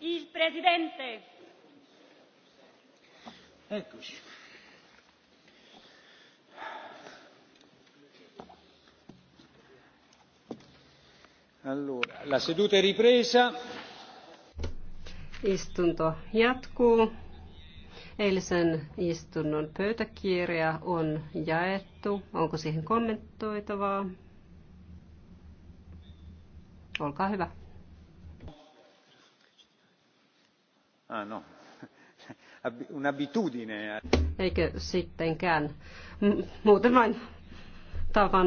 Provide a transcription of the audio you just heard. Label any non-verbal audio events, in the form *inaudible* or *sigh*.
Il presidente. Eccoci. Allora, la seduta è ripresa. Istunto jatkuu. Eilisen istunnon pöytäkirja on jaettu. Onko siihen kommentoitavaa? Olkaa hyvä. Ah, no. *laughs* Un'abitudine. Eh. Eikö sittenkään? Muuten vain tavan